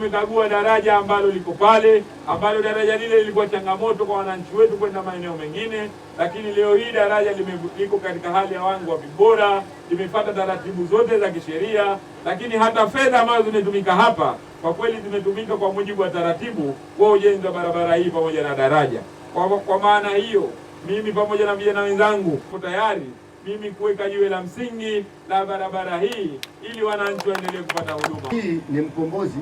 tumekagua daraja ambalo liko pale, ambalo daraja lile lilikuwa changamoto kwa wananchi wetu kwenda maeneo mengine, lakini leo hii daraja liko katika hali ya wangu wa vibora, limepata taratibu zote za kisheria, lakini hata fedha ambazo zimetumika hapa kwa kweli zimetumika kwa mujibu wa taratibu wa ujenzi wa barabara hii pamoja na daraja. Kwa, kwa maana hiyo mimi pamoja na vijana wenzangu tuko tayari mimi kuweka jiwe la msingi la barabara hii ili wananchi waendelee kupata huduma. Hii ni mkombozi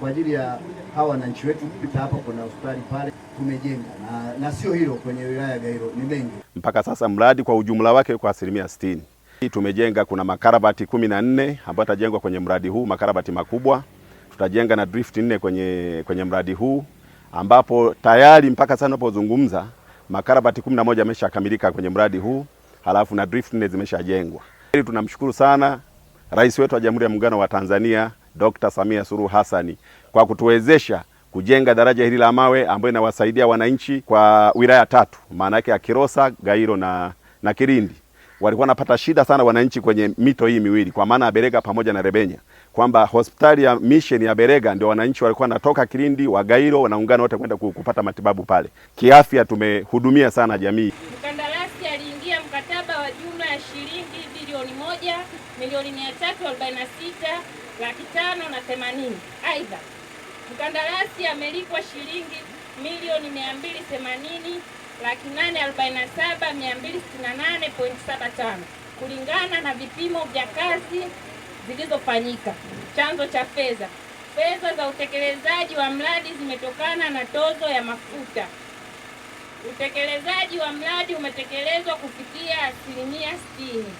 kwa ajili ya hawa wananchi wetu kupita hapa. Kuna hospitali pale tumejenga na, na sio hilo kwenye wilaya ya Gairo ni mengi. Mpaka sasa mradi kwa ujumla wake kwa asilimia sitini tumejenga. Kuna makarabati kumi na nne ambayo yatajengwa kwenye mradi huu, makarabati makubwa. Tutajenga na drift nne kwenye, kwenye mradi huu ambapo tayari mpaka sasa napozungumza makarabati 11 ameshakamilika kwenye mradi huu, halafu na drift nne zimeshajengwa. Tunamshukuru sana Rais wetu wa Jamhuri ya Muungano wa Tanzania Dr. Samia Suluhu Hassani kwa kutuwezesha kujenga daraja hili la mawe ambayo inawasaidia wananchi kwa wilaya tatu, maana yake Kilosa, Gairo na, na Kilindi. Walikuwa wanapata shida sana wananchi kwenye mito hii miwili kwa maana ya Berega pamoja na Rebenya, kwamba hospitali ya mission ya Berega ndio wananchi walikuwa wanatoka Kilindi wa Gairo wanaungana wote kwenda kupata matibabu pale. Kiafya tumehudumia sana jamii. Mkandarasi aliingia mkataba wa jumla ya shilingi bilioni moja milioni mia tatu arobaini na sita laki tano na themanini. Aidha, mkandarasi amelipwa shilingi milioni mia mbili themanini laki nane arobaini na saba mia mbili sitini na nane pointi saba tano kulingana na vipimo vya kazi zilizofanyika. Chanzo cha fedha: fedha za utekelezaji wa mradi zimetokana na tozo ya mafuta. Utekelezaji wa mradi umetekelezwa kufikia asilimia sitini.